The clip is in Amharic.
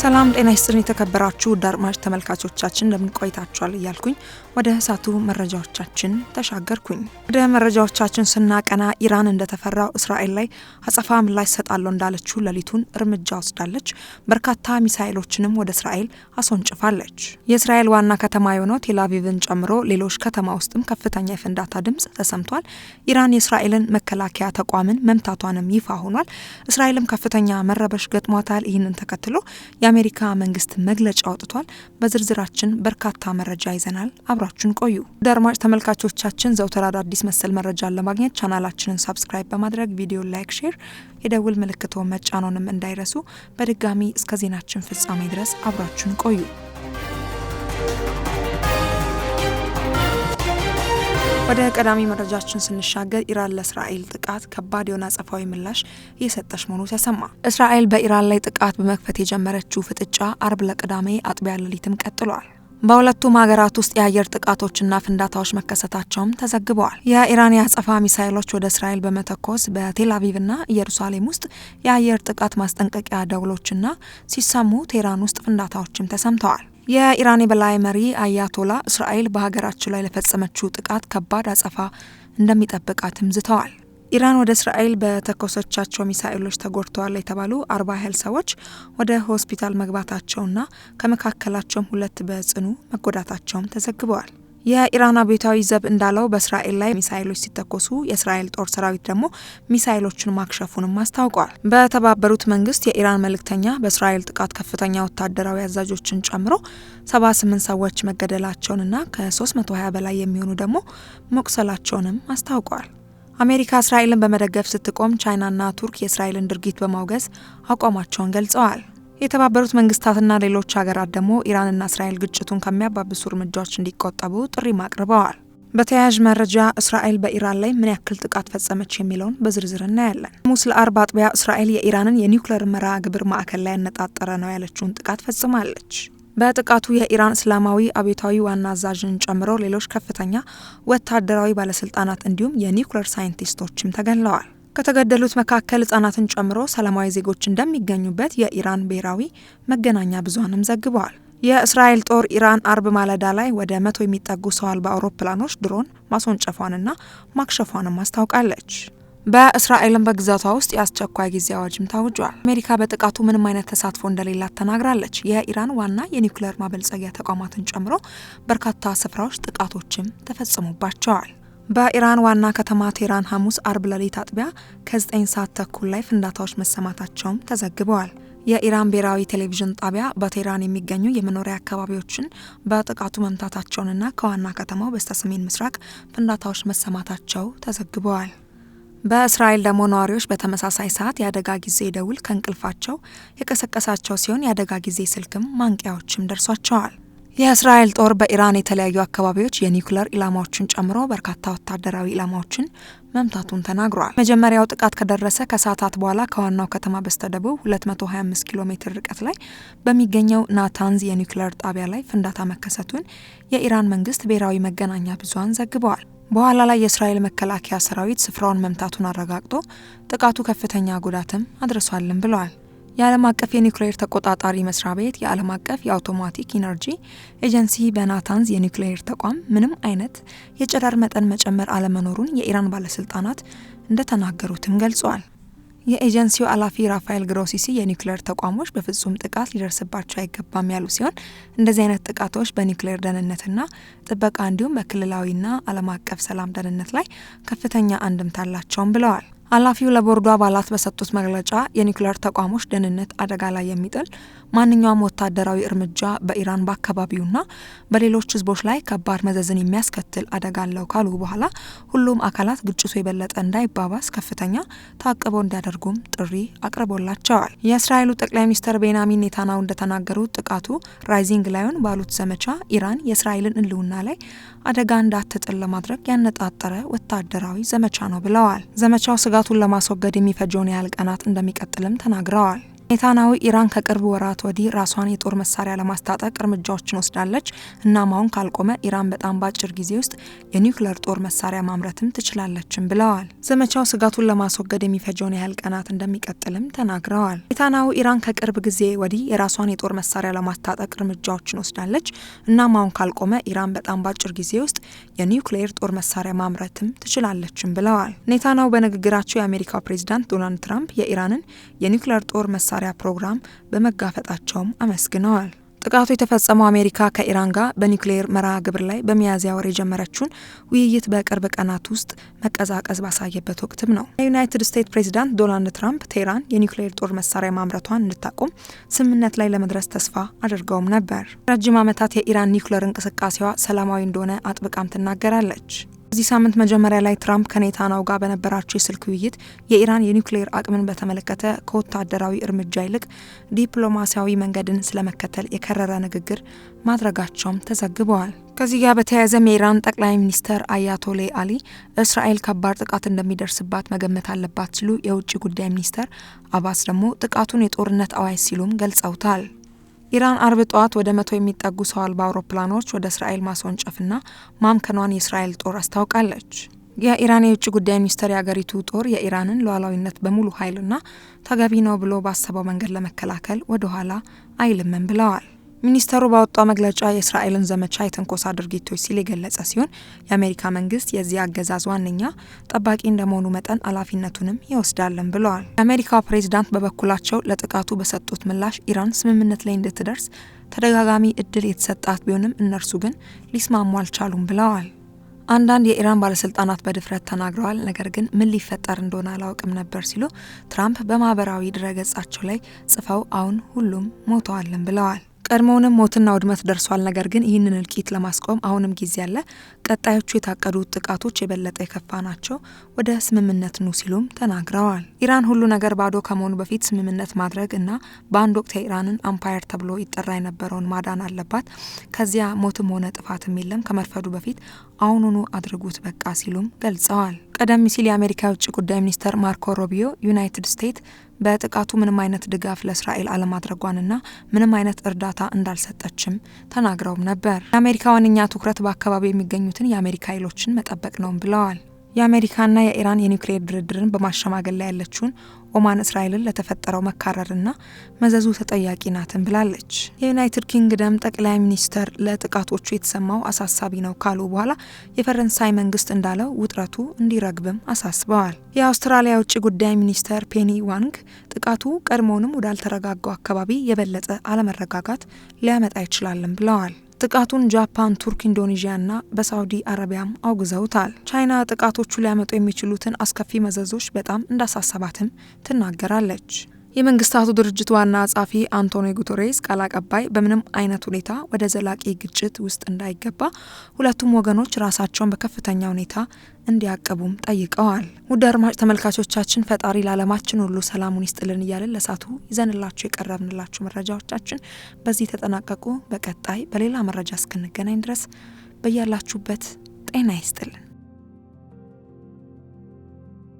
ሰላም ጤና ይስጥልን የተከበራችሁ ውድ አድማጭ ተመልካቾቻችን እንደምን ቆይታችኋል? እያልኩኝ ወደ እሳቱ መረጃዎቻችን ተሻገርኩኝ። ወደ መረጃዎቻችን ስናቀና ኢራን እንደተፈራው እስራኤል ላይ አጸፋ ምላሽ ሰጣለሁ እንዳለችው ሌሊቱን እርምጃ ወስዳለች። በርካታ ሚሳኤሎችንም ወደ እስራኤል አስወንጭፋለች። የእስራኤል ዋና ከተማ የሆነው ቴልአቪቭን ጨምሮ ሌሎች ከተማ ውስጥም ከፍተኛ የፍንዳታ ድምጽ ተሰምቷል። ኢራን የእስራኤልን መከላከያ ተቋምን መምታቷንም ይፋ ሆኗል። እስራኤልም ከፍተኛ መረበሽ ገጥሟታል። ይህንን ተከትሎ የአሜሪካ መንግስት መግለጫ አውጥቷል። በዝርዝራችን በርካታ መረጃ ይዘናል። አብራችን ቆዩ። ደርማጭ ተመልካቾቻችን ዘውትር አዳዲስ መሰል መረጃን ለማግኘት ቻናላችንን ሳብስክራይብ በማድረግ ቪዲዮ ላይክ፣ ሼር፣ የደውል ምልክቶ መጫኖንም እንዳይረሱ። በድጋሚ እስከ ዜናችን ፍጻሜ ድረስ አብራችን ቆዩ። ወደ ቀዳሚ መረጃችን ስንሻገር ኢራን ለእስራኤል ጥቃት ከባድ የሆነ አጸፋዊ ምላሽ እየሰጠች መሆኑ ተሰማ። እስራኤል በኢራን ላይ ጥቃት በመክፈት የጀመረችው ፍጥጫ አርብ ለቅዳሜ አጥቢያ ሌሊትም ቀጥሏል። በሁለቱም ሀገራት ውስጥ የአየር ጥቃቶችና ፍንዳታዎች መከሰታቸውም ተዘግበዋል። የኢራን የአጸፋ ሚሳይሎች ወደ እስራኤል በመተኮስ በቴል አቪቭና ኢየሩሳሌም ውስጥ የአየር ጥቃት ማስጠንቀቂያ ደውሎችና ሲሰሙ ቴህራን ውስጥ ፍንዳታዎችም ተሰምተዋል። የኢራን የበላይ መሪ አያቶላ እስራኤል በሀገራቸው ላይ ለፈጸመችው ጥቃት ከባድ አጸፋ እንደሚጠብቃትም ዝተዋል። ኢራን ወደ እስራኤል በተኮሰቻቸው ሚሳኤሎች ተጎድተዋል የተባሉ አርባ ያህል ሰዎች ወደ ሆስፒታል መግባታቸውና ከመካከላቸውም ሁለት በጽኑ መጎዳታቸውም ተዘግበዋል። የኢራን አብዮታዊ ዘብ እንዳለው በእስራኤል ላይ ሚሳይሎች ሲተኮሱ የእስራኤል ጦር ሰራዊት ደግሞ ሚሳይሎችን ማክሸፉንም አስታውቀዋል። በተባበሩት መንግስት የኢራን መልእክተኛ በእስራኤል ጥቃት ከፍተኛ ወታደራዊ አዛዦችን ጨምሮ 78 ሰዎች መገደላቸውንና ከ320 በላይ የሚሆኑ ደግሞ መቁሰላቸውንም አስታውቀዋል። አሜሪካ እስራኤልን በመደገፍ ስትቆም ቻይናና ቱርክ የእስራኤልን ድርጊት በማውገዝ አቋማቸውን ገልጸዋል። የተባበሩት መንግስታትና ሌሎች ሀገራት ደግሞ ኢራንና እስራኤል ግጭቱን ከሚያባብሱ እርምጃዎች እንዲቆጠቡ ጥሪ አቅርበዋል። በተያያዥ መረጃ እስራኤል በኢራን ላይ ምን ያክል ጥቃት ፈጸመች የሚለውን በዝርዝር እናያለን። ሐሙስ ለአርብ አጥቢያ እስራኤል የኢራንን የኒውክለር መርሃ ግብር ማዕከል ላይ ያነጣጠረ ነው ያለችውን ጥቃት ፈጽማለች። በጥቃቱ የኢራን እስላማዊ አብዮታዊ ዋና አዛዥን ጨምሮ ሌሎች ከፍተኛ ወታደራዊ ባለስልጣናት እንዲሁም የኒውክለር ሳይንቲስቶችም ተገለዋል። ከተገደሉት መካከል ህጻናትን ጨምሮ ሰላማዊ ዜጎች እንደሚገኙበት የኢራን ብሔራዊ መገናኛ ብዙሃንም ዘግበዋል። የእስራኤል ጦር ኢራን አርብ ማለዳ ላይ ወደ መቶ የሚጠጉ ሰው አልባ አውሮፕላኖች ድሮን ማስወንጨፏንና ማክሸፏንም አስታውቃለች። በእስራኤልም በግዛቷ ውስጥ የአስቸኳይ ጊዜ አዋጅም ታውጇል። አሜሪካ በጥቃቱ ምንም አይነት ተሳትፎ እንደሌላት ተናግራለች። የኢራን ዋና የኒውክሌር ማበልጸጊያ ተቋማትን ጨምሮ በርካታ ስፍራዎች ጥቃቶችም ተፈጽሞባቸዋል። በኢራን ዋና ከተማ ቴህራን ሐሙስ አርብ ሌሊት አጥቢያ ከ9 ሰዓት ተኩል ላይ ፍንዳታዎች መሰማታቸውም ተዘግበዋል። የኢራን ብሔራዊ ቴሌቪዥን ጣቢያ በቴህራን የሚገኙ የመኖሪያ አካባቢዎችን በጥቃቱ መምታታቸውንና ከዋና ከተማው በስተሰሜን ምስራቅ ፍንዳታዎች መሰማታቸው ተዘግበዋል። በእስራኤል ደግሞ ነዋሪዎች በተመሳሳይ ሰዓት የአደጋ ጊዜ ደውል ከእንቅልፋቸው የቀሰቀሳቸው ሲሆን የአደጋ ጊዜ ስልክም ማንቂያዎችም ደርሷቸዋል። የእስራኤል ጦር በኢራን የተለያዩ አካባቢዎች የኒውክለር ኢላማዎችን ጨምሮ በርካታ ወታደራዊ ኢላማዎችን መምታቱን ተናግሯል። መጀመሪያው ጥቃት ከደረሰ ከሰዓታት በኋላ ከዋናው ከተማ በስተደቡብ 225 ኪሎ ሜትር ርቀት ላይ በሚገኘው ናታንዝ የኒውክለር ጣቢያ ላይ ፍንዳታ መከሰቱን የኢራን መንግስት ብሔራዊ መገናኛ ብዙኃን ዘግበዋል። በኋላ ላይ የእስራኤል መከላከያ ሰራዊት ስፍራውን መምታቱን አረጋግጦ ጥቃቱ ከፍተኛ ጉዳትም አድርሷልም ብለዋል። የዓለም አቀፍ የኒውክሌር ተቆጣጣሪ መስሪያ ቤት የዓለም አቀፍ የአውቶማቲክ ኢነርጂ ኤጀንሲ በናታንዝ የኒውክሌር ተቋም ምንም አይነት የጨረር መጠን መጨመር አለመኖሩን የኢራን ባለስልጣናት እንደተናገሩትም ገልጿል። የኤጀንሲው ኃላፊ ራፋኤል ግሮሲሲ የኒውክሌር ተቋሞች በፍጹም ጥቃት ሊደርስባቸው አይገባም ያሉ ሲሆን እንደዚህ አይነት ጥቃቶች በኒውክሌር ደህንነትና ጥበቃ እንዲሁም በክልላዊና ዓለም አቀፍ ሰላም ደህንነት ላይ ከፍተኛ አንድምታ አላቸውም ብለዋል። ኃላፊው ለቦርዱ አባላት በሰጡት መግለጫ የኒውክሌር ተቋሞች ደህንነት አደጋ ላይ የሚጥል ማንኛውም ወታደራዊ እርምጃ በኢራን በአካባቢውና በሌሎች ህዝቦች ላይ ከባድ መዘዝን የሚያስከትል አደጋ አለው ካሉ በኋላ ሁሉም አካላት ግጭቱ የበለጠ እንዳይባባስ ከፍተኛ ታቅቦ እንዲያደርጉም ጥሪ አቅርቦላቸዋል። የእስራኤሉ ጠቅላይ ሚኒስትር ቤንያሚን ኔታናው እንደተናገሩት ጥቃቱ ራይዚንግ ላዮን ባሉት ዘመቻ ኢራን የእስራኤልን እልውና ላይ አደጋ እንዳትጥል ለማድረግ ያነጣጠረ ወታደራዊ ዘመቻ ነው ብለዋል። ዘመቻው ስጋ ጉዳቱን ለማስወገድ የሚፈጀውን ያህል ቀናት እንደሚቀጥልም ተናግረዋል። ኔታንያሁ ኢራን ከቅርብ ወራት ወዲህ ራሷን የጦር መሳሪያ ለማስታጠቅ እርምጃዎችን ወስዳለች እናም አሁን ካልቆመ ኢራን በጣም በአጭር ጊዜ ውስጥ የኒውክለር ጦር መሳሪያ ማምረትም ትችላለችም ብለዋል። ዘመቻው ስጋቱን ለማስወገድ የሚፈጀውን ያህል ቀናት እንደሚቀጥልም ተናግረዋል። ኔታንያሁ ኢራን ከቅርብ ጊዜ ወዲህ የራሷን የጦር መሳሪያ ለማስታጠቅ እርምጃዎችን ወስዳለች እናም አሁን ካልቆመ ኢራን በጣም በአጭር ጊዜ ውስጥ የኒውክሌር ጦር መሳሪያ ማምረትም ትችላለችም ብለዋል። ኔታናው በንግግራቸው የአሜሪካው ፕሬዚዳንት ዶናልድ ትራምፕ የኢራንን የኒውክሌር ጦር መሳሪያ ማጣሪያ ፕሮግራም በመጋፈጣቸውም አመስግነዋል። ጥቃቱ የተፈጸመው አሜሪካ ከኢራን ጋር በኒውክሌር መርሃ ግብር ላይ በሚያዝያ ወር የጀመረችውን ውይይት በቅርብ ቀናት ውስጥ መቀዛቀዝ ባሳየበት ወቅትም ነው። የዩናይትድ ስቴትስ ፕሬዚዳንት ዶናልድ ትራምፕ ቴህራን የኒውክሌር ጦር መሳሪያ ማምረቷን እንድታቆም ስምምነት ላይ ለመድረስ ተስፋ አድርገውም ነበር። ረጅም ዓመታት የኢራን ኒውክሌር እንቅስቃሴዋ ሰላማዊ እንደሆነ አጥብቃም ትናገራለች። በዚህ ሳምንት መጀመሪያ ላይ ትራምፕ ከኔታናው ጋር በነበራቸው የስልክ ውይይት የኢራን የኒውክሌር አቅምን በተመለከተ ከወታደራዊ እርምጃ ይልቅ ዲፕሎማሲያዊ መንገድን ስለመከተል የከረረ ንግግር ማድረጋቸውም ተዘግበዋል። ከዚህ ጋር በተያያዘም የኢራን ጠቅላይ ሚኒስተር አያቶሌ አሊ እስራኤል ከባድ ጥቃት እንደሚደርስባት መገመት አለባት ሲሉ የውጭ ጉዳይ ሚኒስተር አባስ ደግሞ ጥቃቱን የጦርነት አዋጅ ሲሉም ገልጸውታል። ኢራን አርብ ጠዋት ወደ መቶ የሚጠጉ ሰው አልባ አውሮፕላኖች ወደ እስራኤል ማስወንጨፍና ማምከኗን የእስራኤል ጦር አስታውቃለች። የኢራን የውጭ ጉዳይ ሚኒስቴር የአገሪቱ ጦር የኢራንን ሉዓላዊነት በሙሉ ኃይልና ተገቢ ነው ብሎ ባሰበው መንገድ ለመከላከል ወደ ኋላ አይልምም ብለዋል። ሚኒስተሩ ባወጣው መግለጫ የእስራኤልን ዘመቻ የትንኮሳ ድርጊቶች ሲል የገለጸ ሲሆን የአሜሪካ መንግስት የዚህ አገዛዝ ዋነኛ ጠባቂ እንደመሆኑ መጠን ኃላፊነቱንም ይወስዳለን ብለዋል። የአሜሪካው ፕሬዚዳንት በበኩላቸው ለጥቃቱ በሰጡት ምላሽ ኢራን ስምምነት ላይ እንድትደርስ ተደጋጋሚ እድል የተሰጣት ቢሆንም እነርሱ ግን ሊስማሙ አልቻሉም ብለዋል። አንዳንድ የኢራን ባለስልጣናት በድፍረት ተናግረዋል። ነገር ግን ምን ሊፈጠር እንደሆነ አላውቅም ነበር ሲሉ ትራምፕ በማህበራዊ ድረገጻቸው ላይ ጽፈው አሁን ሁሉም ሞተዋልን ብለዋል። ቀድሞውንም ሞትና ውድመት ደርሷል። ነገር ግን ይህንን እልቂት ለማስቆም አሁንም ጊዜ አለ። ቀጣዮቹ የታቀዱ ጥቃቶች የበለጠ የከፋ ናቸው። ወደ ስምምነት ኑ ሲሉም ተናግረዋል። ኢራን ሁሉ ነገር ባዶ ከመሆኑ በፊት ስምምነት ማድረግ እና በአንድ ወቅት የኢራንን አምፓየር ተብሎ ይጠራ የነበረውን ማዳን አለባት። ከዚያ ሞትም ሆነ ጥፋትም የለም። ከመርፈዱ በፊት አሁኑኑ አድርጉት በቃ ሲሉም ገልጸዋል። ቀደም ሲል የአሜሪካ የውጭ ጉዳይ ሚኒስተር ማርኮ ሮቢዮ ዩናይትድ ስቴትስ በጥቃቱ ምንም አይነት ድጋፍ ለእስራኤል አለማድረጓንና ምንም አይነት እርዳታ እንዳልሰጠችም ተናግረውም ነበር። የአሜሪካ ዋነኛ ትኩረት በአካባቢው የሚገኙትን የአሜሪካ ኃይሎችን መጠበቅ ነው ብለዋል። የአሜሪካና የኢራን የኒውክሌር ድርድርን በማሸማገል ላይ ያለችውን ኦማን እስራኤልን ለተፈጠረው መካረርና መዘዙ ተጠያቂ ናትን ብላለች። የዩናይትድ ኪንግደም ጠቅላይ ሚኒስተር ለጥቃቶቹ የተሰማው አሳሳቢ ነው ካሉ በኋላ የፈረንሳይ መንግስት እንዳለው ውጥረቱ እንዲረግብም አሳስበዋል። የአውስትራሊያ ውጭ ጉዳይ ሚኒስተር ፔኒ ዋንግ ጥቃቱ ቀድሞውንም ወዳልተረጋጋው አካባቢ የበለጠ አለመረጋጋት ሊያመጣ ይችላልም ብለዋል። ጥቃቱን ጃፓን፣ ቱርክ፣ ኢንዶኔዥያና በሳውዲ አረቢያም አውግዘውታል። ቻይና ጥቃቶቹ ሊያመጡ የሚችሉትን አስከፊ መዘዞች በጣም እንዳሳሰባትም ትናገራለች። የመንግስታቱ ድርጅት ዋና ጸሐፊ አንቶኒዮ ጉተሬስ ቃል አቀባይ በምንም አይነት ሁኔታ ወደ ዘላቂ ግጭት ውስጥ እንዳይገባ ሁለቱም ወገኖች ራሳቸውን በከፍተኛ ሁኔታ እንዲያቀቡም ጠይቀዋል። ውድ አድማጭ ተመልካቾቻችን ፈጣሪ ለዓለማችን ሁሉ ሰላሙን ይስጥልን እያለን ለሳቱ ይዘንላችሁ የቀረብንላችሁ መረጃዎቻችን በዚህ ተጠናቀቁ። በቀጣይ በሌላ መረጃ እስክንገናኝ ድረስ በያላችሁበት ጤና ይስጥልን።